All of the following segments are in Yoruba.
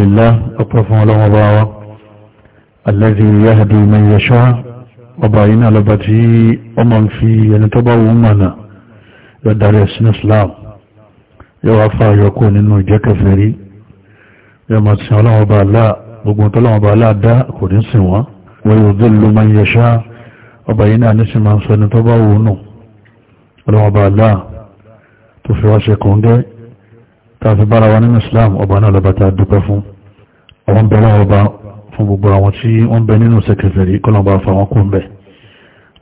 لله أطرفه الله وضعه الذي يهدي من يشاء وبعين لبتي ومن في ينتبه ومنا يدار يسن إسلام يوفى يكون إنه فري يوم تسمع الله وبعلا وقم طلع وبعلا دا كون سوا ويضل من يشاء وبعين نسمع سنتبه ونو الله وبعلا تفواش كونجي tàbí bára wa nínú islam ọba náà lọ́ba tá a dúpẹ́ fún àwọn bẹ̀rẹ̀ ọba fún gbogbo àwọn tí wọ́n bẹ nínú sẹkẹsẹ̀rí kọ́lọ́ba fáwọn kún bẹ̀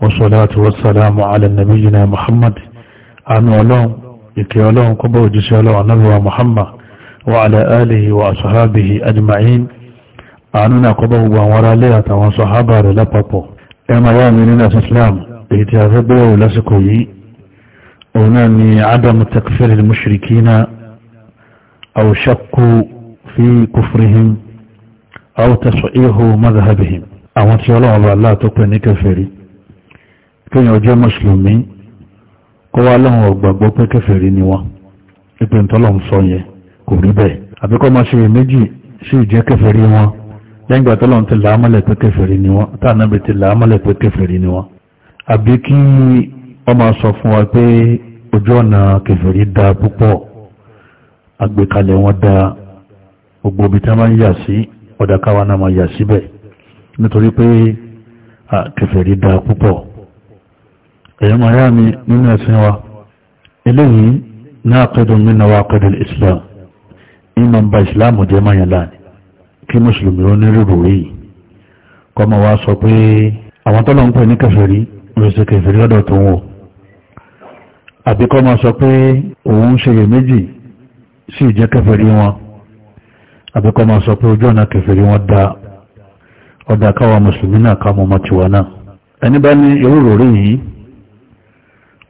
wassalatu wassalamu ala nabiyyina muhammad àánú ọlọ́run ìkẹ́ ọlọ́run kọ́bọ̀ òjíṣẹ́ ọlọ́run anábíwa muhammad wa ala alihi wa ashabihi ajma'in àánú náà kọ́bọ̀ gbogbo àwọn ará lé àtàwọn sọ̀hábà rẹ̀ lápapọ̀ أو شكوا في كفرهم أو تصحيح مذهبهم àwọn tí ọlọ́run bá láà tó pè ní kèfèrí kíyàn jẹ́ mùsùlùmí kó wá lọ́wọ́n ọ̀gbàgbọ́ pé kèfèrí ni wọ́n ipò ìtọ́lọ́run sọ yẹn kò rí bẹ́ẹ̀ àbíkọ́ máa ṣe méjì sí ìjẹ́ kèfèrí wọn lẹ́yìngbà tọ́lọ́run ti làámọ́lẹ̀ pé kèfèrí ni wọ́n tànàbì ti làámọ́lẹ̀ pé kèfèrí ni wọ́n àbí kí wọ́n máa sọ fún wa pé ojú ọ̀nà kèfèrí dáa púpọ̀ agbèkalẹ̀ wọn da gbogbo ibi tí wọ́n ń yà sí ọ̀dà káwa náà máa yà síbẹ̀ nítorí pé kèfèrí da púpọ̀ èyí máa yá mi nínú ẹ̀sìn wa eléyìí náà kẹ́dùn mí náà wá kẹ́dùn Islam ìmọ̀ ń ba Islam jẹ́ máa yàn kí mùsùlùmí ó ní rírò yìí kọ́ máa wá sọ pé àwọn tọ́lọ̀ ń pè ní kèfèrí lóṣè kèfèrí lọ́dọ̀ tó ń wò àbíkọ́ máa sọ pé òun ṣe yè sí ije keferi wọn àbíkọ́ máa sọ pé ojú ọ̀nà keferi wọn dá ọ̀dà káwa mùsùlùmí náà ká mọ́ tiwa náà ẹni bá ní irú ròrí yìí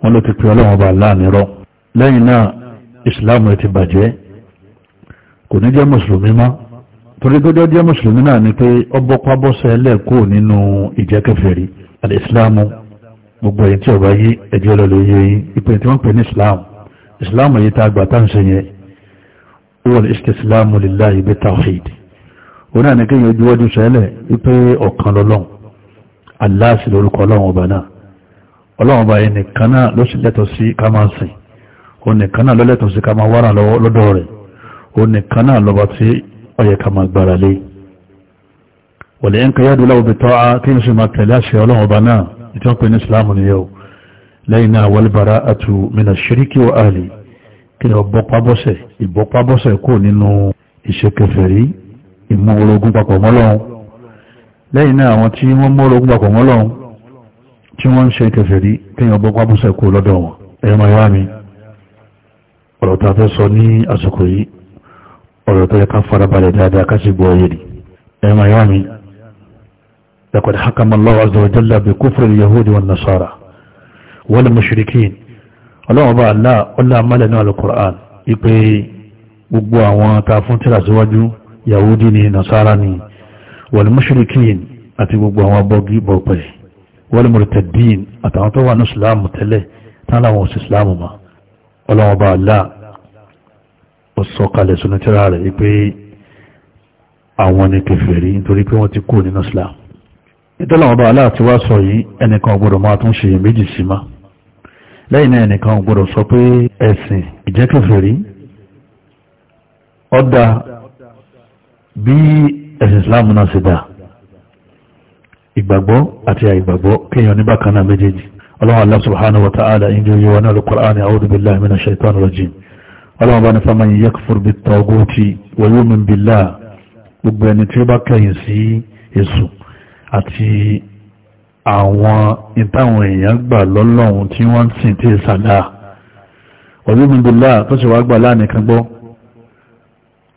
wọ́n ló ti pè ọba láàánirọ́ lẹ́yìn náà ìsìláàmù ẹ̀ ti bàjẹ́ kò ní jẹ́ mùsùlùmí mọ́ torí gbọ́dọ̀ jẹ́ mùsùlùmí náà ni pé ọbọ̀pá bọ́sẹ̀ lẹ́ẹ̀kú nínú ìjẹ́ kèfèrí àti ìsìláàmù gbogbo ẹ̀yìn tí ọba yí ẹ̀jẹ̀ lọ́lọ́ yẹ ìpè tí wọ́n pè ní ìsìláàmù ìsìláàmù yìí tá a gbà wọ́n istislamu lillahi bi tawhid òun náà ní kí yóò juwọ́jú sẹ́lẹ̀ wípé ọ̀kan lọ́lọ́run Allah sì lórúkọ ọlọ́run ọba náà ọlọ́run ọba yẹn nìkan náà ló sì lẹ́tọ̀ sí ká sìn òun ló lẹ́tọ̀ sí ká máa lọ́dọ̀ rẹ̀ òun nìkan tí ó yẹ gbára lé wọ̀lẹ̀ yẹn kí ọbọ̀pábọ́sẹ̀ ìbọ̀pábọ́sẹ̀ kò nínú ìṣekèfèrí ìmúorogún papọ̀ mọ́lọ́run lẹ́yìn náà àwọn tí wọ́n mọ́rogún papọ̀ mọ́lọ́run tí wọ́n ń ṣe kèfèrí kí ọbọ̀pábọ́sẹ̀ kò lọ́dọ̀ wọn ẹ̀yọ́mọ̀ ìwá mi ọ̀rọ̀ tó fẹ́ sọ ní àsìkò yìí ọ̀rọ̀ tó yẹ ká farabalẹ̀ dáadáa ká sì gbọ́ ọyẹ́ ni ẹ̀yọ́mọ̀ ìwá mi لقد حكم الله عز وجل بكفر اليهود والنصارى والمشركين ọlọ́wọ́n bá aláà ọlá amálẹ̀ ní alukur'an ipe gbogbo àwọn ta fún tíra síwájú yahudi ni nasara ni wal mushrikin àti gbogbo àwọn bọ́gí bọ̀pẹ̀ wal murtaddin àtàwọn tó wà ní islamu tẹ́lẹ̀ tán láwọn òsì islamu ma ọlọ́wọ́n bá aláà ó sọ kalẹ̀ sínú tíra rẹ̀ ipe àwọn ni kèfèrí nítorí pé lẹ́yìn náà ẹnìkan gbọ́dọ̀ sọ pé ẹ̀sìn ìjẹ́kẹ̀fẹ̀rí ọ̀dà bí ẹ̀sìn islam náà ṣe dá ìgbàgbọ́ àti àìgbàgbọ́ kéèyàn ní bákan náà méjèèjì ọlọ́run Allah subhanahu wa ta'ala injọ yíwa náà al-Qur'an a'udhu billahi minash shaitani rajim ọlọ́run bá ní faman yakfur bit-taghuti wa yu'min àwọn ìtàwọn èèyàn gbà lọ́lọ́run tí wọ́n sì tí sàdá ọ̀lúmìdìlá tó sì wá gbà láàrin gbọ́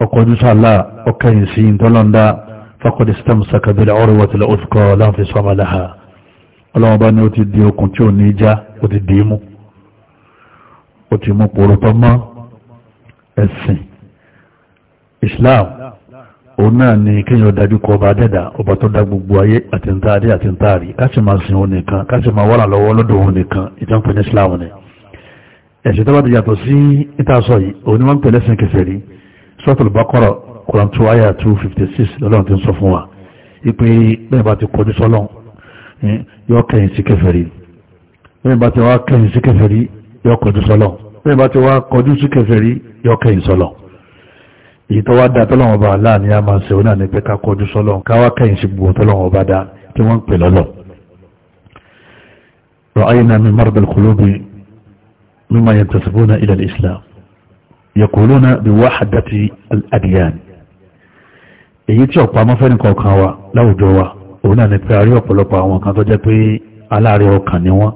ọkọ̀ ojú sàlá ọkà yìí sí ìtọ́lọ́ndá faqad istamsaka bil urwatil uthqa la infisama laha ọlọ́wọ́n bá ní òun náà ni kéèyàn dájú kọ ọba dẹ́dà ọba tó dá gbogbo ayé àti ntaari àti ntaari káṣí máa sin òun nìkan káṣí máa wọ́là lọ́wọ́ lọ́dọ̀ òun nìkan ìtàn pẹ̀lú islam ni ẹ̀sìn tó bá ti yàtọ̀ sí ìtàsọ yìí òun ni wọ́n ń pẹ̀lẹ́ sin kẹsẹ̀ rí suratul baqara quran two ayah two fifty six lọ́lọ́run ti ń sọ fún wa ipe bẹ́ẹ̀ bá ti kọjú sọ́lọ́n yọ kẹyìn sí kẹfẹ́ rí bẹ́ẹ̀ bá ti wá kẹyìn sí kẹfẹ́ èyí tó bá láàrin a máa ṣe náà ní pé kọjú sọ́lọ́n káwá kẹ́yìn sí gbogbo tọ́lọ́wọ́n bá dá tí wọ́n ń pè lọ́lọ́ رأينا من مرض القلوب مما ينتسبون إلى الإسلام يقولون بوحدة الأديان èyí tí ọ̀pá mọ́fẹ́ni kọ̀ọ̀kan wa láwùjọ wa òun náà ní pé àrí ọ̀pọ̀lọpọ̀ àwọn kan tó jẹ́ pé aláàrẹ ọkàn ni wọ́n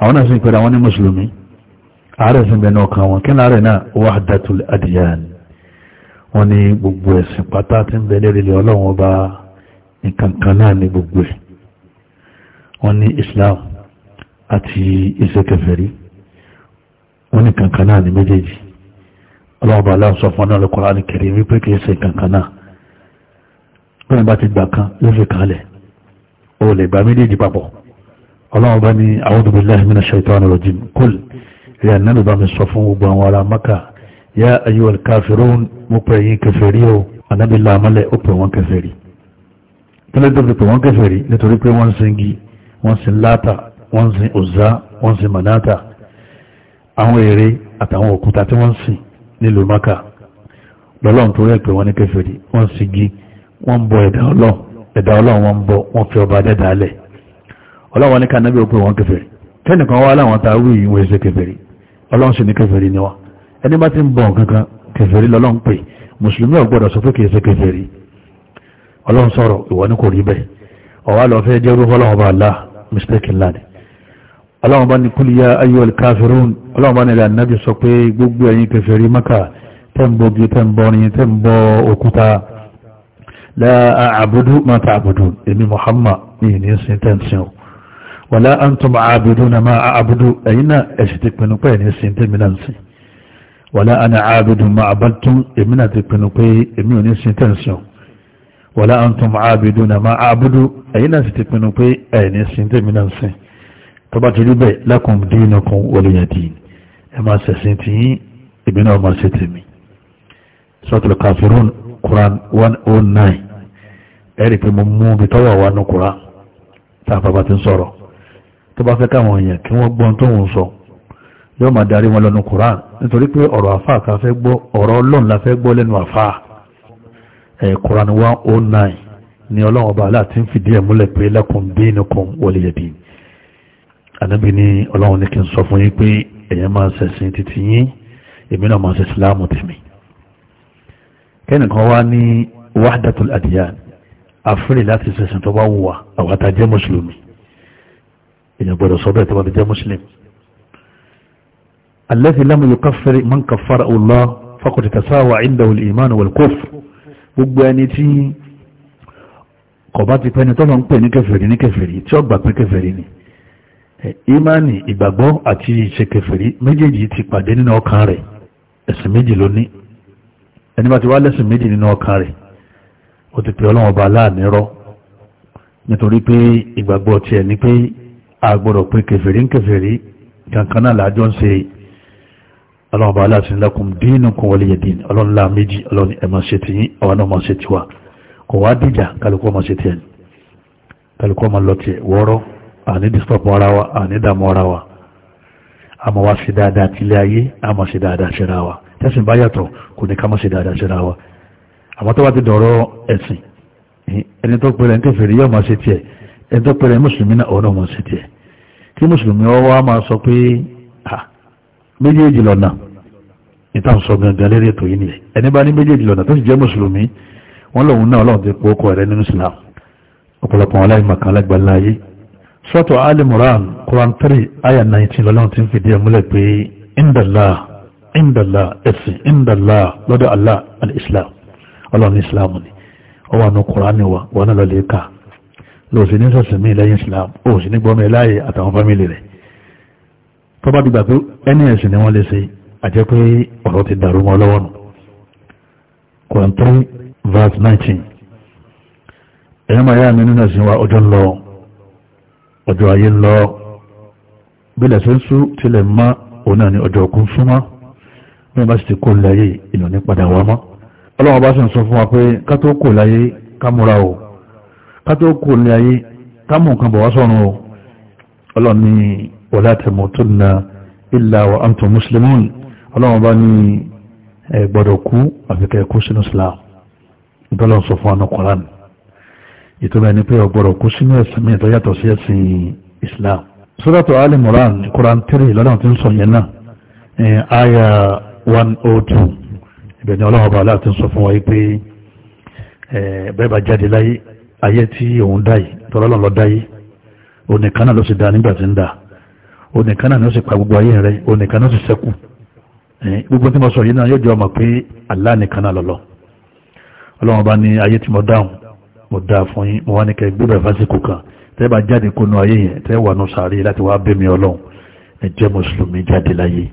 àwọn náà sì ń pẹ̀lú àwọn ní mùsùlùmí ààrẹ sì ń bẹ̀ẹ́ ọkàn wọn kí láàrẹ náà wahdatul adyan wọ́n ní gbogbo ẹ̀sìn pátá tí ń bẹ lérí ilẹ̀ ọlọ́run ọba nǹkan kan náà ní gbogbo ẹ̀ wọ́n ní islam àti ìṣẹ́kẹfẹ̀rí wọ́n ní kankan náà ní méjèèjì ọlọ́run ọba aláwọ̀ sọ fún ọ́nà ọlọ́kọ̀ọ́rọ̀ àdìkẹ̀rẹ̀ wípé kìí ṣe kankan náà bẹ́ẹ̀ bá ti gbà kan ló fi kàn lẹ̀ o lè gba méjèèjì papọ̀ ọlọ́run bá ní a'udhu billahi minash shaitani rajim kúl rí ànínàlùbámi sọ fún gbogbo àwọn ará Mákà ya ayyuhal kafirun mo pè yín kèfèrí o anábì làmọ́lẹ̀ ó pè wọ́n kèfèrí kílẹ̀ tó fi pè wọ́n kèfèrí nítorí pé sin gi wọ́n sin láta wọ́n sin òzá wọ́n sin manata àwọn ère àtàwọn òkúta tí wọ́n ń sìn nílùú maka lọ́lọ́run tó rẹ̀ pé wọ́n ní kèfèrí wọ́n ń sin gi wọ́n ń bọ ẹ̀dá ọlọ́run ẹ̀dá ọlọ́run wọ́n ń bọ wọ́n fi ọba dẹ́dà alẹ̀ ọlọ́run ní ká ó pè wọ́n kèfèrí tẹ́nìkan wá láwọn tá a wí ìwé ṣe kèfèrí ọlọ́run sì ní kèfèrí ni wọ́n ẹni bá ti ń bọ̀ kankan kèfèrí lọ́lọ́n pè mùsùlùmí ọ̀gbọ́dọ̀ sọ pé kìí ṣe kèfèrí ọlọ́run sọ̀rọ̀ ìwọ ní kò rí bẹ́ẹ̀ ọ̀wá lọ fẹ́ jẹ́ orúkọ ọlọ́run bá Allah mistake ńlá ni ọlọ́run bá ní kúlì yá ayyul kafirun ọlọ́run bá ní ilẹ̀ ànábì sọ pé gbogbo ẹ̀yin kèfèrí maka tẹ́ǹbọ̀gi tẹ́ǹbọ̀rin tẹ́ǹbọ̀ òkúta la náà ẹ̀sìn ti pinnu pé ìníṣin tẹ́mi náà ń wàlá ana àbìdùn ma àbàtún èmi náà ti pinnu pé èmi ò ní sin tẹ̀sán wàlá àǹtún ma àbìdùn na ma àbìdù ẹ̀yin náà sì ti pinnu pé ẹ̀ ní sin tẹ̀mí náà sin tó bá ti rí bẹ́ẹ̀ lakum dinukum waliya din ẹ máa ṣẹ̀sìn tí yín èmi náà máa ṣe tèmi suratul kafirun quran one oh nine ẹ rí i pé mo mú ibi tọ́wọ̀ wa nu quran tá a bàbá ti ń sọ̀rọ̀ tó bá fẹ́ káwọn èèyàn kí wọ́n gbọ́n tó ń sọ yóò máa darí wọn lọ́nu Quran nítorí pé ọ̀rọ̀ àfà ká fẹ́ gbọ́ ọ̀rọ̀ ọlọ́run la fẹ́ gbọ́ lẹ́nu àfà ẹ̀ Quran one oh nine ni ọlọ́run ọba aláàtí ń fìdí ẹ̀ múlẹ̀ pé lakum dinukum waliya din ànábì ní ọlọ́run ní kí n sọ fún yín pé èèyàn máa ṣẹ̀sìn títí yín èmi náà máa ṣe síláàmù tèmi kẹ́nìkan wá ní wahdatul adiyan àfẹ́rẹ́ láti ṣẹ̀sìn tó bá wù wá àwọn àtàjẹ́ mùsùlùmí alẹ́sì lámù yóò káfẹ́rẹ́ man kàfàrà Allah faqad tasawa indahu al-iman wal-kufr gbogbo ẹni tí kọ̀bá ti pẹ́ni tọ́lọ ń pè ní kẹfẹ̀rí ní kẹfẹ̀rí tí ó gbà pé kẹfẹ̀rí ni ìmánì ìgbàgbọ́ àti ìṣe kẹfẹ̀rí méjèèjì ti pàdé nínú ọkàn rẹ̀ ẹ̀sìn méjì ló ní ẹni bá ti wá lẹ́sìn méjì nínú ọkàn rẹ̀ ó ti pè ọlọ́wọ́n ọba aláànírọ́ nítorí pé ìgbàgbọ́ tiẹ̀ ni pé a gbọ́dọ̀ pé kẹfẹ̀rí ń kẹfẹ̀rí kankan náà làájọ́ ń ṣe Alon bá aláàtí lakum dinukum waliyadin ọlọ́run láà méjì ọlọ́run ẹ̀mà ṣe ti yín àwọn náà máa ṣe ti wà kò wá dìjà kálukọ́ máa ṣe ti ẹni kálukọ́ máa lọ tiẹ̀ wọ́ọ́rọ́ wa àní da ara wa àmọ́ wá ṣe dáadáa tilé ayé àmọ́ ṣe dáadáa sherawa. wa tẹ́sìn bá yàtọ̀ kò ní ká má ṣe dáadáa ṣera wa àmọ́ tó bá ti dọ̀rọ̀ ẹ̀sìn ẹni tó pẹ̀lẹ́ ní kèfèrí yóò máa ṣe tiẹ̀ ẹni tó pẹ̀lẹ́ mùsùlùmí náà ọ̀nà máa ṣe tiẹ̀ kí mùsùlùmí ọwọ́ á máa sọ pé méjèèjì lọ́nà ìtàn sọ gangan lérí ètò yìí nìyẹn ẹni bá ní méjèèjì lọ́nà tó sì jẹ́ mùsùlùmí wọ́n lòun náà lọ́n ti pọ̀ ọkọ̀ rẹ̀ nínú islam ọ̀pọ̀lọpọ̀ wọn láì màkàn lágbàláyé sọ́tọ̀ ali moran quran 3 aya 19 lọ́lọ́run ti ń fìdí ẹ̀ múlẹ̀ pé indala indala ẹ̀sìn indala lọ́dọ̀ allah al-islam ọlọ́run islam ni ó wà nù quran wa wọn náà lọ lè ka lòsì ní sọ̀sìn mí lẹ́yìn islam òsì ní tó dìgbà pé ẹni ẹ̀sìn ni wọ́n lè ṣe àjẹ́ pé ọ̀rọ̀ ti dàrú mọ́ lọ́wọ́ nù Quran 3 verse 19 ẹ̀yọ́ máa yá mi nínú ẹ̀sìn wa ọjọ́ ń lọ ọjọ́ ayé ń lọ bílẹ̀ ṣe ń sú tilẹ̀ mọ́ òun náà ni ọjọ́ òkú ń súnmọ́ bí wọ́n bá sì ti kó láyé ìlú ní padà wá mọ́ ọlọ́wọ́n bá sì ń sọ fún wa pé ká tó kó láyé ká múra o ká tó kó láyé ká mú nǹkan bọ̀ wá sọ́run o ọlọ́run wala tamutunna illa wa antum muslimun ọlọ́run bá ní ẹgbọ́dọ̀ kú àfikẹ́ kú sínú islam ìtọ́lọ́run sọ fún anukọ̀rán ìtọ́lọ́run ní pé ọgbọ́dọ̀ kú sínú ẹ̀sìn mi ìtọ́ yàtọ̀ sí ẹ̀sìn islam suratu ali moran quran three lọ́dọ̀ tí ń sọ yẹn náà aya one oh ọlọ́run bá aláàtí sọ fún wa yìí pé bẹ́ẹ̀ bá jáde láyé ayé tí òun dá yìí tọ́lọ́run onìkan náà ni ó sì pa gbogbo ayé rẹ onìkan náà sì sẹ́kù gbogbo tí mo sọ yìí náà yóò jẹ́ ọmọ pé Allah nìkan náà lọ́lọ́ ọlọ́run bá ní ayé tí mo dáhùn mo dáa fún yín mo wá ní kẹ́ gbébẹ̀ fásitì kan tẹ́ bá jáde kónú ayé yẹn tẹ́ wà nù sàárè láti wá bẹ́mi ọlọ́run ẹ jẹ́ mùsùlùmí jáde láyé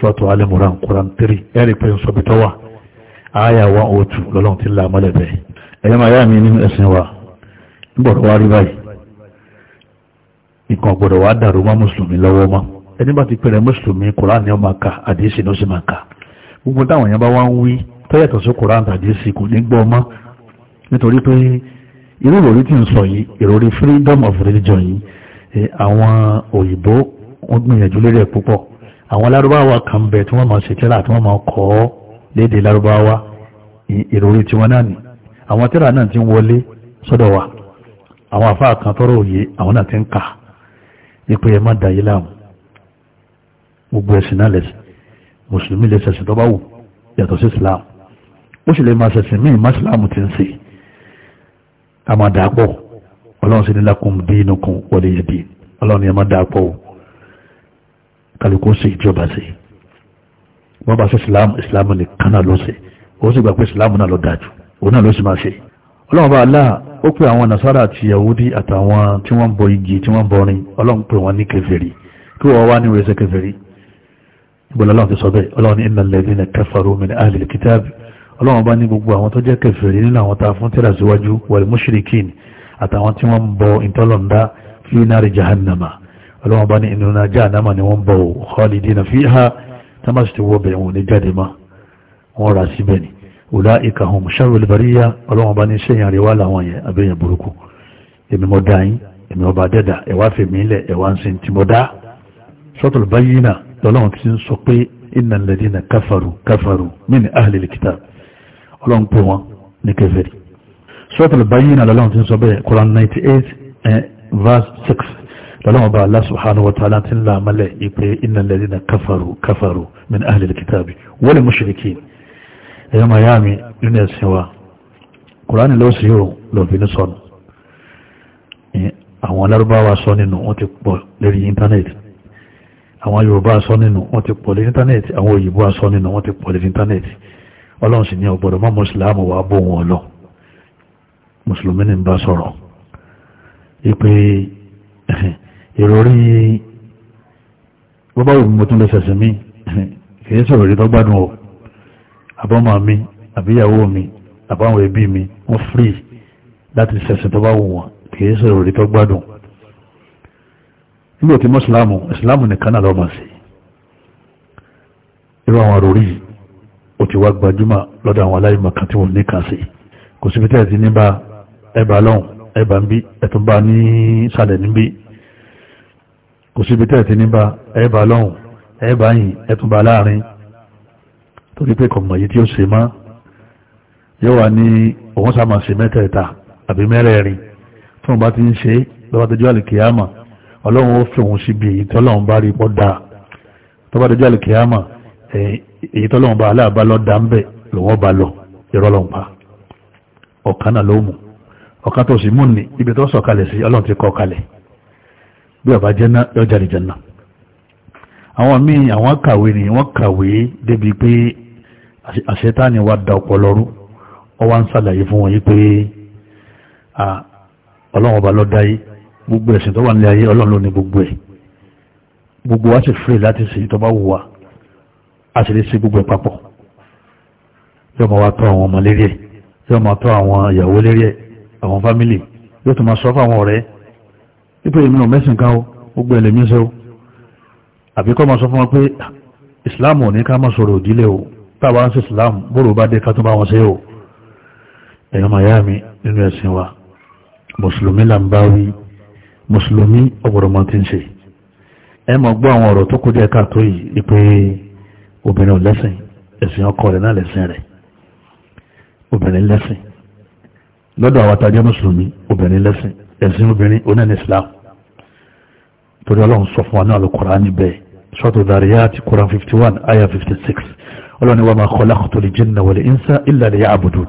sọ́tọ̀ alẹ́mùrán Quran 3 ẹ̀rì pé ń sọ bí tọ́wà ààyà wa òtù lọ́lọ́run ti là mọ́lẹ̀ bẹ́ẹ̀ ẹ̀yẹ́ máa yá mi nínú ẹ̀sìn wa nígbọ̀dọ̀ wá rí báyìí nǹkan gbọ́dọ̀ wá dàrú mọ́ mùsùlùmí lọ́wọ́ mọ́ ẹni bá ti pẹ̀rẹ̀ mùsùlùmí koran ni ó máa ka àdìsí ló sì máa ka gbogbo táwọn èèyàn bá wá ń wí tọ́yàtọ̀ sí koran àdìsí kò ní gbọ́ mọ́ nítorí pé irú ìròrí tí ń sọ yìí ìròrí freedom of religion yìí eh, àwọn òyìnbó wọ́n gbìyànjú lórí ẹ̀ púpọ̀ àwọn lárúbáwá kan bẹ̀ tí wọ́n máa ṣe tíra tí wọ́n máa kọ́ léde lárúbáwá ìròrí tiwọn náà ni àwọn tíra náà ti ń wọlé sọ́dọ̀ wa àwọn àfáà kan tọ́rọ̀ òye àwọn náà ti ń kà á ipe ẹ má dà yí láàmú gbogbo ẹ̀sìn náà lẹ̀sìn mùsùlùmí lè ṣẹ̀sìn tó yàtọ̀ sí islam ó sì lè máa ṣẹ̀sìn míì má islam ti ń ṣe a máa dà pọ̀ ọlọ́run sì ní lakum dinukum waliya din ọlọ́run yẹn máa dà pọ̀ o kálukú sí ìjọba sí wọ́n bá ṣe islam islam nìkan náà ló ṣe ó sì gbà pé islam náà ló dájú òun náà ló sì máa ṣe yìí ọlọ́run bá aláà ó pè àwọn nasara àti yahudi àtàwọn tí wọ́n ń bọ igi tí wọ́n ń bọrin ọlọ́run pè wọ́n ní kèfèrí kí wọ́n wá ní wẹ́sẹ̀ kèfèrí ìbọ̀lá ọlọ́run ti sọ bẹ́ẹ̀ ọlọ́run ní innal ladhina kafaru min ahlil kitab ọlọ́run bá ní gbogbo àwọn tó jẹ́ kèfèrí nínú àwọn tá a ulaika hum sharrul bariyya ọlọ́wọ́n bá ní sẹ́yìn àríwá làwọn yẹn abẹ́yẹn burúkú èmi mọ́ dá yín èmi ọba dẹ́dà ẹ̀wá fèmí lẹ̀ ẹ̀wá ń sin tí mo dá suratul bayyina lọ́lọ́wọ́n ti ń sọ pé innal ladina kafaru kafaru min ahlil kitab ọlọ́wọ́n pé wọn ní kèfèrí suratul bayyina lọ́lọ́wọ́n ti sọ bẹ́ẹ̀ Quran 98 eh, verse 6 lọ́lọ́wọ́n bá Allah subhanahu wa ta'ala ti ń làmọ́lẹ̀ ìpè innal ladina kafaru kafaru min ahlil kitabi wal mushrikin ẹ̀yọ́ miami nínú ẹ̀sìn wa kùránì ló sì yóò lòfin sọnù àwọn alárúbáwá sọ nínú wọ́n ti pọ̀ lórí íńtánẹ́ẹ̀tì àwọn yorùbá sọ nínú wọ́n ti pọ̀ lórí íńtánẹ́ẹ̀tì àwọn òyìnbó sọ nínú wọ́n ti pọ̀ lórí íńtánẹ́ẹ̀tì ọlọ́run sì ní ọ̀gbọ́dọ̀ mọ́ mùsùlùmí wà bó wọn lọ mùsùlùmí ní bá sọ̀rọ̀ ipe ìròrí bọ́bá òmùmọ́tún lẹ́sẹ̀sẹ̀ mí kìí sọ̀rọ̀ rí ọ̀ àbọ́mọ mi àbíyàwó mi àbáwọn ẹbí mi wọ́n free láti ṣẹ̀ṣẹ̀ tó bá wù wọ́n kìí ṣe òrì tó gbádùn nígbà tí mọ́sílámù ìsìlámù nìkan náà lọ́mọ sí irú àwọn àròrí ó ti wá gbajúmọ̀ lọ́dọ̀ àwọn aláìmọ̀ kan tí wọ́n ní sí kò síbi tẹ́ ti níbà ẹ̀bà lọ́hùn ẹ̀bà ń bí ẹ̀tún bá ní sàlẹ̀ níbí kò síbi tẹ́ ti níbà ẹ̀bà lọ́hùn ẹ̀bà yìí ẹ̀tún bá láàrin torí pé kọ̀mọ̀ yìí tí ó ṣe má yóò wà ní òun sá máa ṣe mẹ́tẹ̀ẹ̀ta àbí mẹ́rẹ̀ẹ̀rin fún bá ti ń ṣe lọ́wọ́ tẹjọ́ àlìkìyàmà ọlọ́run ó fi òun síbi èyí tọ́lọ́run bá rí pọ́ dáa tọ́wọ́ tẹjọ́ àlìkìyàmà èyí tọ́lọ́run bá aláàbá lọ dá ń bẹ̀ lòun bá lọ ìrọ́lọ́run pa ọ̀kan náà ló mú ọ̀kan tó sì mú ni ibi tó sọ̀kalẹ̀ sí ọlọ́run ti kọ́ kalẹ̀ bí ọba jẹ́ná yọjà lè jẹ́ná àwọn míì àwọn kàwé ni wọ́n kàwé débi pé àṣetáni wa da ọ̀pọ̀lọ́rú ọwá ń sàlàyé fún wọn yí pé ọlọ́run ọba lọ́dá gbogbo ẹ̀sìn tó wà nílé ayé ọlọ́run ló gbogbo ẹ̀ gbogbo wa sì fèrè láti sí tó bá wù wá a sì lè sí gbogbo ẹ̀ papọ̀ yóò máa wá tọ́ àwọn ọmọ lérí ẹ̀ yóò máa tọ́ àwọn ìyàwó lérí ẹ̀ àwọn fámìlì yóò tún máa sọ fún àwọn ọ̀rẹ́ wípé èmi náà mẹ́sìn kan ó gbogbo ẹ̀lẹ́mí sẹ́wọ́ àbíkọ́ máa sọ fún wọn pé ìsìláàmù ò ní ká máa sọ̀rọ̀ òdílé o tàbá ń sí islam bóòrò bá dé ká tó bá wọn ṣe o ẹ̀yọ́ miami nínú ẹ̀sìn wa mùsùlùmí là ń bá wí mùsùlùmí ọ̀gbọ̀rọ̀ mọ́ ti ń ṣe ẹ mọ̀ gbọ́ àwọn ọ̀rọ̀ tó kú díẹ̀ káàtó yìí ni pé obìnrin lẹ́sìn ẹ̀sìn ọkọ rẹ̀ náà lẹ́sìn rẹ̀ obìnrin lẹ́sìn lọ́dọ̀ àwọn atajẹ́ mùsùlùmí obìnrin lẹ́sìn ẹ̀sìn obìnrin onáni islam torí ọlọ́run sọ fún wa ní àlùkùránì ṣọ́tò Dhariyat Quran 51 aya 56 ọlọ́run ni wa ma khalaqtu l-jinna wal-insa illa liya'budun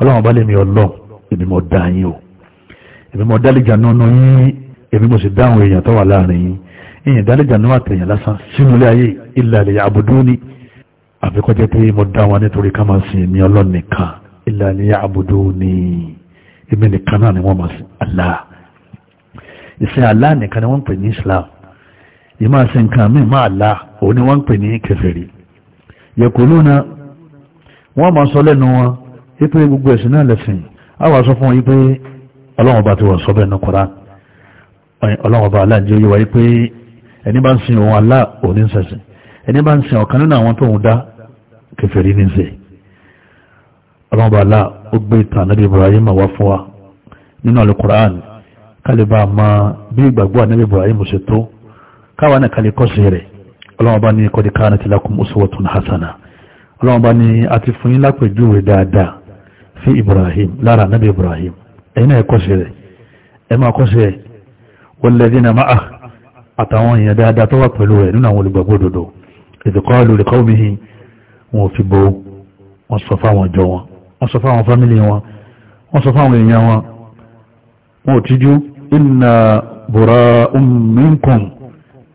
ọlọ́run bá lè mi ọlọ́run èmi mo dá yín o èmi mo dálẹ́jà nánà yín èmi mo sì dáhùn èèyàn tó wà láàrin yín èèyàn dálẹ́jà náà àtẹ̀yàn lásán sínú ilé ayé illa liya'buduni àfikọ́jẹ́ pé mo dá wọn nítorí ká máa sin èmi ọlọ́run nìkan illa liya'buduni èmi nìkan náà ni wọ́n máa sin Allah ìsìn Allah nìkan ni wọ́n pè ní Islam ìmá ṣe nǹkan mí máa la òní wọ́n ń pè ní kèfèrí yẹ̀kùlú na wọ́n máa sọ lẹ́nu wọn wípé gbogbo ẹ̀sìn náà lẹ́sìn àwọn sọ fún wípé ọlọ́run ọba ti wọ̀ sọ bẹ́ẹ̀ ní Kùránì ọlọ́run ọba aláàjẹ́ yíwa wípé ẹni bá ń sin òun alá òní ń sẹ̀sìn ẹni bá ń sin ọ̀kan nínú àwọn tóun dá kèfèrí ní ṣe ọlọ́run alá ó gbé ìtàn Nábì Ibrahim wá fún wa nínú al kálíbà máa bí ìgbàgbọ́ Nábì Ibrahim ṣe tó káwa náà kalẹ̀ kọ́sì rẹ̀ ọlọ́wọ́n bá ní kọ́dí káàrán ti lakum uswatun hasana ọlọ́wọ́n bá ní a ti fún yín lápẹ̀júwe dáadáa fi Ibrahim lára nábì Ibrahim ẹ̀yin náà kọ́sì rẹ̀ ẹ máa kọ́sì rẹ̀ walladhina ma'ah àtàwọn èèyàn dáadáa tó wà pẹ̀lú rẹ̀ nínú àwọn olùgbàgbọ́ òdodo idh inna bura'un minkum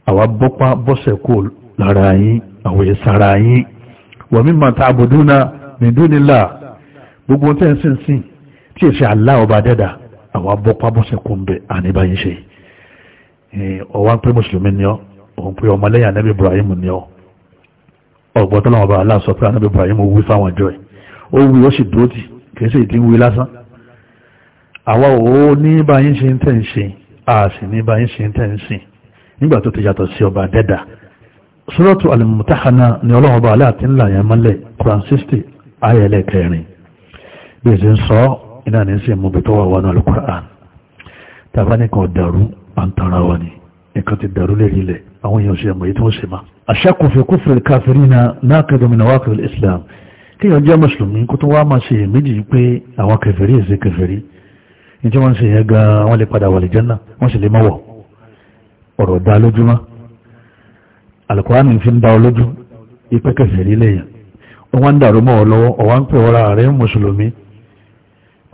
àwa bọ́pá bọ́sẹ̀ kò lára yín àwọn ìsara yín wa mimma ta'buduna min dunillah gbogbo tẹ́ ń sìn sìn tí èsì àlá ọba dẹ́dà àwa bọ́pá bọ́sẹ̀ kò ń bẹ àníbá ṣe ọwá ń mùsùlùmí ni ọ òun pé ọmọlẹ́yìn anábì Ibrahim ni ọ ọgbọ́tọ́ làwọn ọba Allah sọ pé anábì Ibrahim wí fáwọn àjọ ẹ̀ ó wí ó sì dúró tì kìí sì ti wí lásán àwa ò ní bá ṣe ń tẹ̀ ń ṣe a sì ní bá ṣe ń tẹ̀ ń sìn nígbà tó ti yàtọ̀ sí ọba dẹ́dà suratu al-mutahana ni ọlọ́ọ̀bá aláàtí ńlá yẹn mọ́lẹ̀ quran 60 ayẹlẹ kẹrin bí èsì ń sọ iná ní sí ìmúbi tó wà wọnú alukur'an tàbá nìkan dàrú àǹtara wa ni nǹkan ti dàrú lérí ilẹ̀ àwọn èèyàn ṣe mọ̀ èyí tó ń ṣe ma. àṣàkù fi kufri kafirina naqidu min nawaqidil islam kéèyàn jẹ́ mùsùlùmí kó tó wá máa ṣe méjì pé àwọn kèfèrí èsì kèfèrí ní tí wọ́n ń ṣe yẹn gan-an wọ́n lè padà wà lè jẹ́nà wọ́n sì lè má wọ̀ ọ̀rọ̀ dá lójúmọ́ alukóhánì fi ń dá ọ lójú ipe kẹsẹ̀ rí lẹ́yìn wọ́n ń dàrú mọ́ ọ lọ́wọ́ ọ̀wá ń pè wọ́ra rẹ̀ mùsùlùmí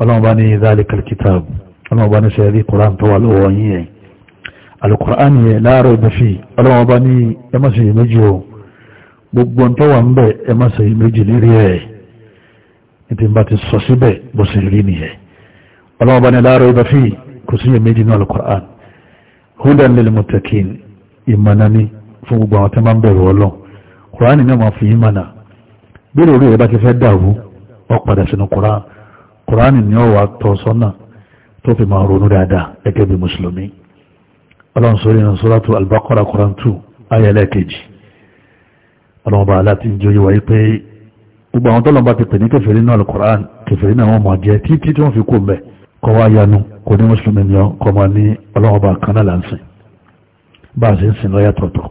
ọlọ́run bá ní zalikal kitab ọlọ́run bá ní sẹ́rí koran tó wà lọ́wọ́ yín yẹn alukóhánì yẹn láàárọ̀ ìbẹ̀fì ọlọ́run ní ẹ má o gbogbo ń tọ́wà ń bẹ̀ ẹ má lérí ẹ̀ nítorí bá ti sọ síbẹ̀ bó ṣe rí nìyẹn ọlọ́run ní láàárọ̀ ìbẹ̀fì kò sí yẹn méjì náà hudan lil mutakin ìmọ̀nani fún gbogbo àwọn tí wọ́n bẹ̀rù ọlọ́ kùránì náà máa fi ìmọ̀nà bẹ́ẹ̀ lórí ẹ̀ bá ti fẹ́ dàrú ọ sínú kùránì kùránì ni ó wà tọ́ sọ́nà tó fi máa ronú dáadáa gẹ́gẹ́ bí mùsùlùmí ọlọ́run ní suratu al-Baqara kùrán 2 ayé ẹlẹ́ẹ̀kejì ọlọ́run bá aláti ń jóyè wáyé pé gbogbo àwọn tọ́lọ́run ti pè ní kèfèrí náà al-Qur'an kèfèrí náà wọ́n mọ̀ jẹ́ títí tí wọ́n fi kó mbẹ́ kọ́ wá yanu kò ní mùsùlùmí ni kọ́ máa ní ọlọ́run ọba kan náà là ń sìn bá a sì ń sìn lọ́yà tọ̀tọ̀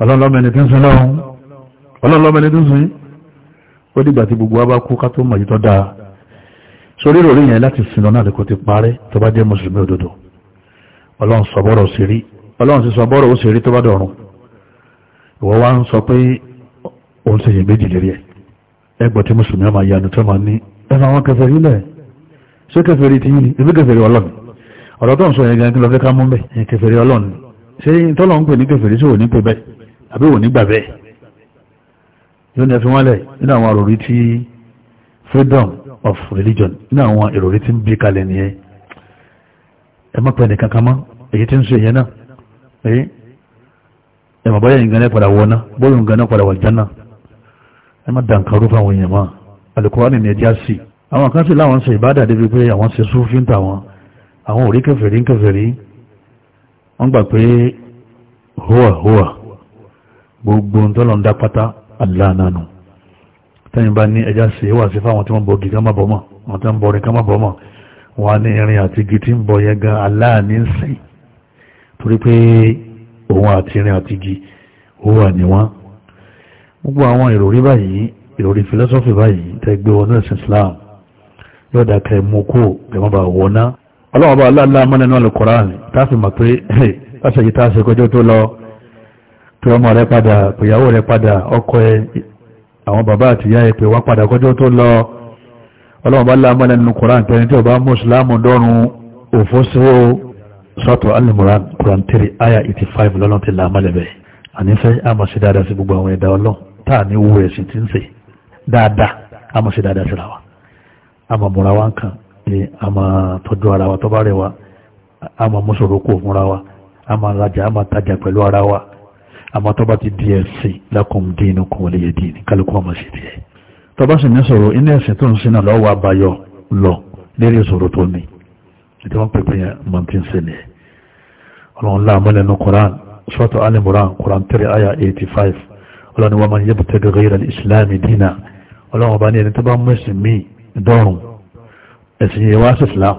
ọlọ́run lọ́mọ ẹni tí ń sìn lọ́hún ọlọ́run lọ́mọ ẹni tí ń sìn ó dìgbà tí gbogbo wa bá kú ká tó mọ̀ yìí tọ́ dáa sórí ìròrí yẹn láti sìn lọ náà lè kó ti parẹ́ tó bá jẹ́ mùsùlùmí òdodo ọlọ́run sọ bọ́rọ̀ ó sì rí tó bá dọ̀run ìwọ wá ń sọ pé òun ṣe yè méjì ẹ ẹgbọ́n tí mùsùlùmí ọmọ yanu tó máa ní ẹ ṣé kẹfẹ́rẹ́ ti yìí ẹbí kẹfẹ́rẹ́ ọlọ́run ọ̀rọ̀ tó ń sọ yẹn gan kí lọ fẹ́ ká mú bẹ́ẹ̀ kẹfẹ́rẹ́ ọlọ́run ṣé tọ́lọ̀ ń pè ní kẹfẹ́rẹ́ sí òní pè bẹ́ẹ̀ àbí òní gbà bẹ́ẹ̀ yóò ní ẹfi wọ́nlẹ̀ nínú àwọn àròrí tí freedom of religion nínú àwọn ìròrí tí ń bí kalẹ̀ nìyẹn ẹ má pẹ́ nìkan kan mọ́ èyí tí ń sọ ìyẹn náà ẹ mọ̀ báyẹ̀ ìgbẹ́nẹ́ padà wọ́ná bóyọ̀ ìgbẹ́nẹ́ padà wà jánà ẹ má dànkàrú fáwọn èèyàn máa alukọ́ránì ni ẹjá sí i àwọn kan sì láwọn ṣe ìbádà débi pé àwọn ṣe súnfí ń tàwọn àwọn òrí kèfèrí ń kèfèrí wọ́n gbà pé hoa hoa gbogbo ń tọ́lọ̀ ń dá pátá aláàánánu tẹ́yìn bá ní ẹja ṣe wà sí fáwọn tí wọ́n bọ̀gì ká má bọ́ mọ̀ wọ́n tẹ́ ń bọ̀rin ká má bọ́ wọ́n ní irin àti igi tí ń bọ̀ yẹn gan aláàní ń sìn torí pé òun àti irin àti igi hoa ni wọ́n gbogbo àwọn ìròrí báyìí ìròrí fìlọ́sọ́fì báyìí tẹ́gbẹ́ wọnú ẹ̀sìn Islam yóò dà kẹ́ mú kó kẹ́mọ́ bá wọ̀ ná ọlọ́wọ́ bá aláàlá mọ́ nínú alukọ̀rán táàfì mọ̀ pé láṣẹ yìí táàṣẹ kọjọ́ tó lọ pé ọmọ rẹ padà pèyàwó rẹ padà ọkọ ẹ àwọn bàbá àtìyá ẹ pé wá padà kọjọ́ tó lọ ọlọ́wọ́ bá aláàlá mọ́ nínú kọ̀rán tẹ́ni tí ọba mùsùlámù dọ́rùn òfó sọ́tọ̀ alimuran kọ̀rán aya àyà five lọ́nà ti làmọ́lẹ̀bẹ̀ ànífẹ́ àmọ̀sí dáadáa sí gbogbo àwọn ẹ̀dá ọlọ́ táà ní wúwo ẹ̀sìn tí ń ṣe dáadáa àmọ̀sí dáadáa sí ra ama mura wanka ni ama ní àmọ́ tọ́jú ara wa tó bá rẹ̀ wa ama mọ́sọ̀rọ̀ kò fúnra wa àmọ́ rajà àmọ́ tajà pẹ̀lú ara wa àmọ́ tó bá ti di ẹ̀sìn lakum dinukum waliya din kálukú ọmọ sí tiẹ̀ tó bá sì ní sọ̀rọ̀ iná ẹ̀sìn tó ń sin náà lọ́wọ́ abayọ lọ lérí ìṣòro tó ní ètò wọn pèpè yẹn mọ̀ tí ń sè ní ẹ̀ ọlọ́run láàmú lẹ́nu Quran sọ́tọ̀ alimuran Quran three aya eighty five ọlọ́run wa man yabtaghi ghayra al-islami dina ọlọ́run ọba ní ẹni tó bá mú ẹ̀sìn míì dọ́rùn ẹ̀sìn yẹn wá sí Islam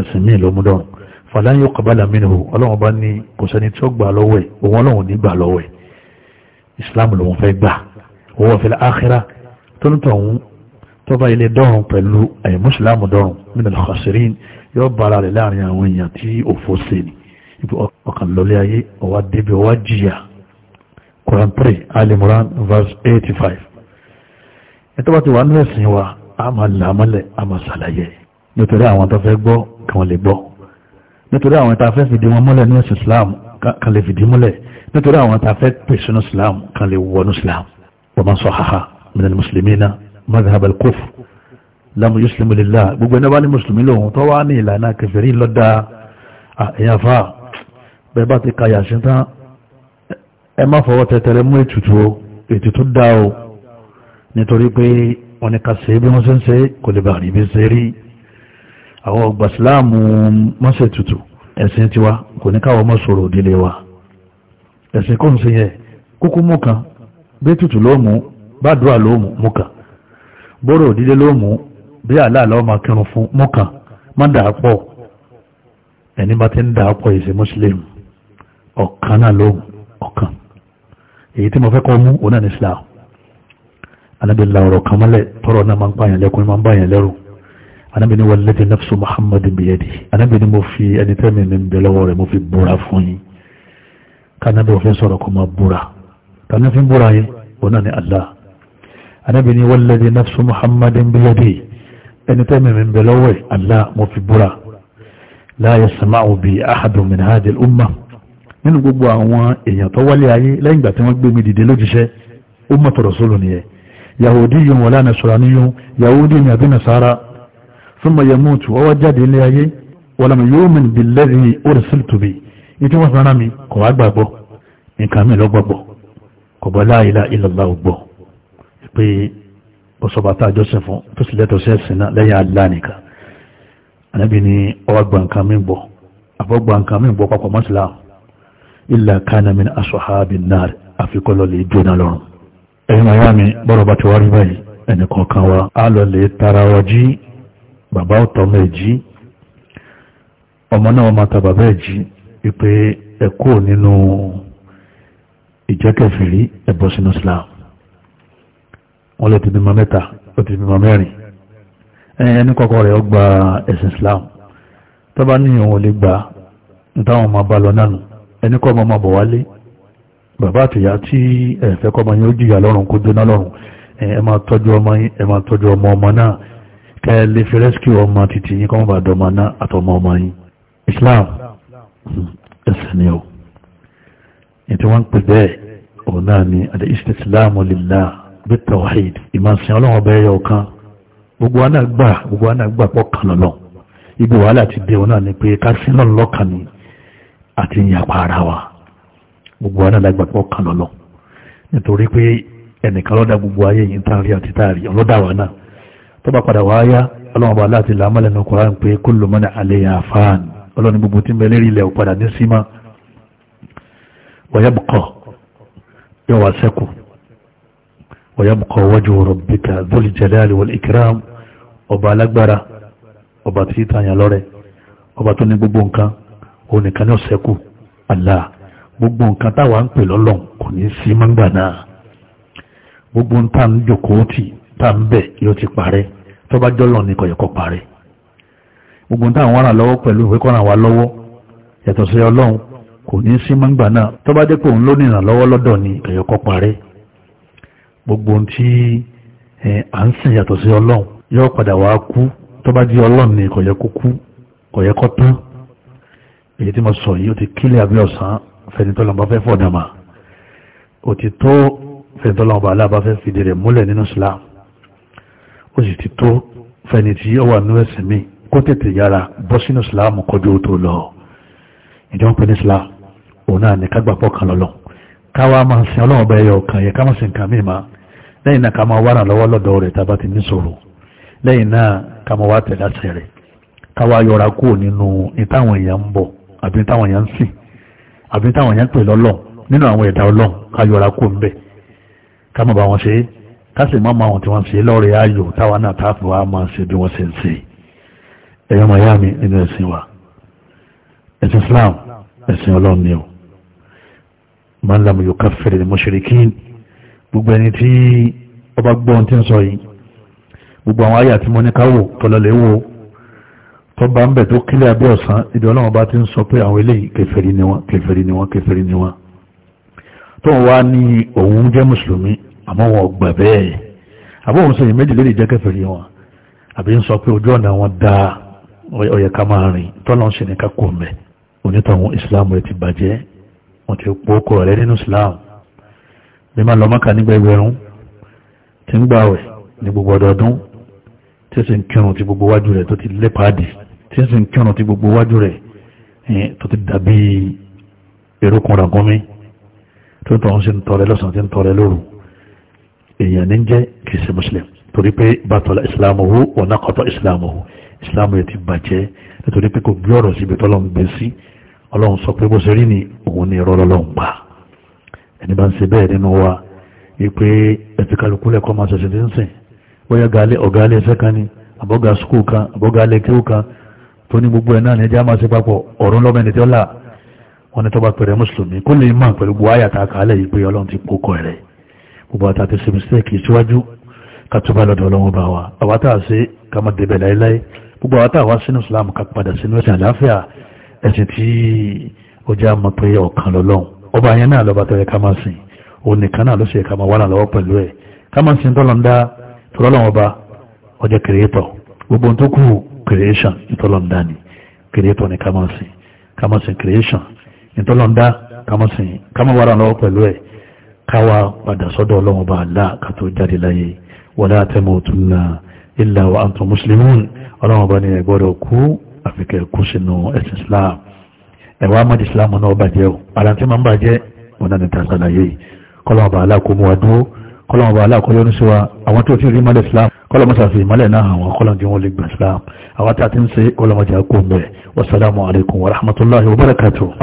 ẹ̀sìn míì ló mú dọ́rùn fàlàyé ọkọ̀bálà mìíràn ọlọ́run bá ní kò sẹ́ni tí ó gbà lọ́wọ́ ẹ̀ òun ọlọ́run ní gbà lọ́wọ́ ẹ̀ Islam lòun fẹ́ gbà owó ọ̀fẹ́lẹ̀ áhírà tó ń tọ̀hún tọ́ba ilé dọ́rùn pẹ̀lú ẹ̀yìn mùsùlùmù dọ́rùn min al-khasirin yóò bára rẹ̀ láàrin àwọn èèyàn tí òfò ṣe ni ibi ọkàn lọlé ayé ọwá débi ọwá jìyà Quran 3 Alimuran verse 85 ẹ̀ tọ́ba ti wà nínú ẹ̀sìn wa a máa là mọ́lẹ̀ a máa ṣàlàyé nítorí àwọn tó fẹ́ gbọ́ kàn lè gbọ́ nítorí àwọn tá a fẹ́ fìdí wọn mọ́lẹ̀ ní ẹ̀sìn Islam kan lè fìdí mọ́lẹ̀ nítorí àwọn tá a fẹ́ pèsè ní Islam kan lè wọnú Islam wọ́n máa sọ haha minal muslimina madhhab al-kufr lamu yuslimu lillah gbogbo ẹni bá ní mùsùlùmí lòun tó wá ní ìlànà kèfèrí lọ́dà àyàfà bẹ́ẹ̀ bá ti ka yàsí tán ẹ má fọwọ́ tẹtẹrẹ mú ètùtù ètùtù dá o nítorí pé wọ́n ní ká ṣe bí wọ́n ṣe ń ṣe kò lè bá rí bí ṣe rí àwọn ọgbà síláàmù mọ́sẹ̀ tutù ẹ̀sìn tiwa kò ní káwọ́ mọ́ sọ̀rọ̀ òdílé wa ẹ̀sìn kò ń ṣe yẹn kúkú mú kan bí tutù ló mú bá ló mú kan bóró òdílé ló mú bí àlàálọ́ máa kírun fún mú kan má dàá pọ̀ ẹni bá ti ń dàá pọ̀ ìṣe mùsùlùmí ọ̀kan náà ló mú ọ̀kan èyí tí mo fẹ́ kọ́ mú òun náà ní síláàmù anabi la ọ̀rọ̀ kan mọ́lẹ̀ tọrọ náà máa ń pààyàn lẹ́kùn máa ń bàyàn lẹ́rù anabi ni walladhi nafsu muhammadin biyadi anabi ni mo fi ẹni tẹ́mi mi bẹ lọ́wọ́ rẹ̀ mo fi búra fún yín kánábì òfin sọ̀rọ̀ kó máa búra kánábì fi búra yẹn òun náà ni allah anabi ni walladhi nafsu muhammadin biyadi ẹni tẹ́mi mi bẹ lọ́wọ́ rẹ̀ allah mo fi búra la yasma'u bi ahadun min umma nínú gbogbo àwọn èèyàn tó wálé ayé lẹ́yìn ìgbà tí wọ́n gbé mi dìde lójúṣẹ́ ó mọ̀tọ̀rọ̀ sólò nìyẹn yahudi yun wala nasarani yun yahudi ni àbí nasara thumma yamutu ọwọ́ jáde ilé ayé walam yu'min billadhi ursiltu bi ìtí wọ́n sọ́nà mi kò wá gbàgbọ́ nǹkan mi lọ gbàgbọ́ kò bọ́ la ilaha illallah gbọ́ pé ọ̀sọ̀bà tá a jọ́sìn fún tó sì lẹ́tọ̀ sí ẹ̀sìn náà lẹ́yìn Allah nìkan ànábì ni ọwọ́ gba nǹkan mi gbọ́ àbọ̀ gba nǹkan mi gbọ́ papọ̀ mọ́sílámù illa kana min ashabi nnar àfikọ́ lọ́lẹ̀ ìjọ́nà lọ́rùn ẹ̀yìn ọ̀yá mi ti wá báyìí ẹnìkọ̀ọ̀kan wa á lọ lè tara ọ jí bàbá ọ̀tọ̀ ọmọ ẹ̀ jí ọmọ náà máa ta bàbá ẹ̀ jí wípé ẹ kú nínú ìjẹ́kẹ̀fìrí ẹ̀bọ́ sínú Islam wọ́n lè ti bímọ mẹ́ta ó ti bímọ mẹ́rin ẹni kọ́kọ́ rẹ̀ ó gba ẹ̀sìn Islam tó ní òun ò lè gbà ń táwọn máa bá lọ nánu ẹni kọ́ ọmọ máa bọ̀ wálé bàbá àtìyá tí ẹ̀fẹ́ kọ́ ọmọ yín ó jìyà lọ́rùn kó jóná lọ́rùn ẹ máa tọ́jú ọmọ yín ẹ máa tọ́jú ọmọ ọmọ náà kẹ́ ẹ lè fi rẹ́síkì ọmọ títí yín kọ́ bàdọ̀ ọmọ náà àtọmọ ọmọ yín Islam ẹsẹ̀ ni o ètò wọn ń pè bẹ́ẹ̀ òun náà ni àdé istislamu lillah bí tawhid ìmọ̀sìn ọlọ́run ọbẹ̀ yọ kan gbogbo wa náà gbà gbogbo wa náà gbà pọ̀ kan lọ́nà ibi wàhálà ti dé òun náà ni pé ká sínú lọ́kàn ni àti ìyàpá ara wa gbogbo ara lágbà pọ̀ kàn lọ́lọ́ nítorí pé ẹnìkan lọ́dà gbogbo ayé yìí tá a rí àti tá a rí ọlọ́dà wa náà tó bá padà wáá yá ọlọ́run bá láti làmọ́lẹ̀ ní Kùránì pé kullu man alayha fan ọlọ́run gbogbo tí ń bẹ ilẹ̀ ò ní símá wa yóò wá sẹ́kù wa yabqa wajhu rabbika dhul jalali wal gbogbo nǹkan táwa ń pè lọ́lọ́n kò ní sí mọ́ngbà náà gbogbo ń tà ń jòkóó tì tà ń bẹ̀ yóò ti parẹ́ tó bá parẹ́ gbogbo ń tà wọ́n lọ́wọ́ pẹ̀lú ìwé wa lọ́wọ́ yàtọ̀ sí ọlọ́run kò ní sí mọ́ngbà náà tó pé òun ló ní gbogbo ń tí à ń sìn yàtọ̀ sí ọlọ́run yóò padà wá kú kú tán èyí tí mo sọ yìí ó ti kílẹ̀ abẹ́ fẹ̀yìntọ́lọ́mọba fẹ́ fọ̀dàmà ó ti tó fẹ̀yìntọ́lọ́mọba aláàbá fẹ́ fìdí rẹ̀ múlẹ̀ nínú Islam ó sì ti tó fẹ̀yìn tí ó wà nínú ẹ̀sìn mi kó tètè yára bọ́ sínú Islam kọjú tó lọ ìjọ ń pè ní Islam òun náà ní kágbàpọ̀ kan lọ́lọ́ káwa máa sin ọlọ́mọba ẹyọ kan yẹ ká máa sin kàmí ma lẹ́yìn náà ká máa wára lọ́wọ́ lọ́dọ̀ rẹ̀ tá àbí ìtàwọn èèyàn ń sìn àbí táwọn èèyàn pè lọ́lọ́n nínú àwọn ẹ̀dá ọlọ́n ká yọra kó ń bẹ̀ ká má bá wọn ṣe é ká sì má máa wọn tí wọ́n ṣe lọ́ọ̀rẹ́ ayò táwa náà tá a fi wá máa ṣe bí wọ́n ṣe ń ṣe ẹ̀yọ́ màyá mi nínú ẹ̀sìn wa ẹ̀sìn Islam ẹ̀sìn ọlọ́run ni o máa ń lamu yóò ká fẹ́rẹ̀ ní mushrikin gbogbo ẹni tí ọba gbọ́n ti ń sọ yìí gbogbo àwọn àyà tí mo ní ká tó bá ń bẹ̀ tó kílẹ̀ abẹ́ ọ̀sán ìdí ọlọ́run bá ti ń sọ pé àwọn eléyìí kèfèrí ni wọ́n kèfèrí ni wọ́n kèfèrí ni wọ́n tó ń wá ní òun jẹ́ mùsùlùmí àmọ́ wọn gbà bẹ́ẹ̀ àbọ̀ òun sèyìn méjì lórí jẹ́ kèfèrí wọn àbí ń sọ pé ojú ọ̀nà wọn da ọ̀yẹ̀ ká máa rìn tọ́lọ́ ń ṣe ní ká kò mẹ́ onítọ̀hún ìsìláàmù rẹ̀ ti bàjẹ́ wọn ti pòókò rẹ̀ nínú ìsìláàmù bí máa lọ mọ́kà nígbà ẹgbẹ̀rún ti ń gbàwẹ̀ ní gbogbo ọdọọdún tí ó sì ń kírun ti gbogbo wájú rẹ̀ tó ti lépa dì tí ń sì ń kírun ti gbogbo wájú rẹ̀ tó ti dàbí erékùn ràgúnmí tó ń tọrọ sí ń tọrẹ lọ́sàn tí ń tọrẹ lóru èèyàn ní jẹ́ kìí ṣe muslim torí pé bàtọ̀lá islam owó ọ̀nà kọ̀tọ̀ islam owó islam yẹn ti bàjẹ́ nítorí pé kò gbé ọ̀rọ̀ síbi tọ́lọ́run gbé sí ọlọ́run sọ pé bó ṣe rí ni òun ni ìrọ́lọ́ lọ́run gbà ẹni bá ń ṣe bẹ́ẹ̀ nínú wa wípé ẹtì kálukú lẹ́kọ́ máa ṣẹ̀ṣẹ̀ tí ń sìn bóyá ọ̀gá ilé ẹ̀ṣẹ́ kan ni àbọ̀gá skul kan àbọ̀gá ilé kéwù kan tó ní gbogbo ẹ̀ náà ní ẹjá máa ṣe papọ̀ ọ̀run lọ́mọ ẹni tí ó là wọn ni tó bá pẹ̀rẹ̀ mùsùlùmí kó lè máa pẹ̀lú gbogbo àyà tá a kàálẹ̀ yìí pé ọlọ́run ti kókọ rẹ̀ gbogbo àtà ti ṣe mistake síwájú ká tó bá lọ́dọ̀ ọlọ́run bá wa àwa tá a ṣe ká má débẹ̀ láéláé gbogbo àwa tá a wá sínú Islam ká padà sínú ẹ̀sìn àláfíà ẹ̀sìn tí ó já mọ̀ pé ọ̀kan lọ́lọ́run ọba yẹn náà lọ́ba tó yẹ creation ìtọ́lọ́ndá ni creator ni kámọ́sìn kámọ́sìn creation ìtọ́lọ́ndá kámọ́sìn kámọ́wárà lọ́wọ́ pẹ̀lú ẹ̀ káwa padà sọ́dọ̀ ọlọ́run bá Allah ká tó jáde láyé wala tamutunna illa wa antum muslimun ọlọ́run bá ní ẹ gbọ́dọ̀ kú àfikẹ́ kú sínú ẹ̀sìn islam ẹ̀wà amadi islam náà bàjẹ́ o ara tí máa ń bàjẹ́ wọn náà ní ta sàlàyé kọ́lọ́run bá Allah kó mú wa dúró kọ́lọ́run bá Allah kó yọ́nú sí islam kọlọmọsà fi ìmọ̀lẹ̀ náà àwọn kọlọmọdé wọn lè gbà islam àwọn tá a ti ń ṣe kọlọmọdé àkóńbẹ̀ wasalaamualeykum wa rahmatulahi wa barakatu.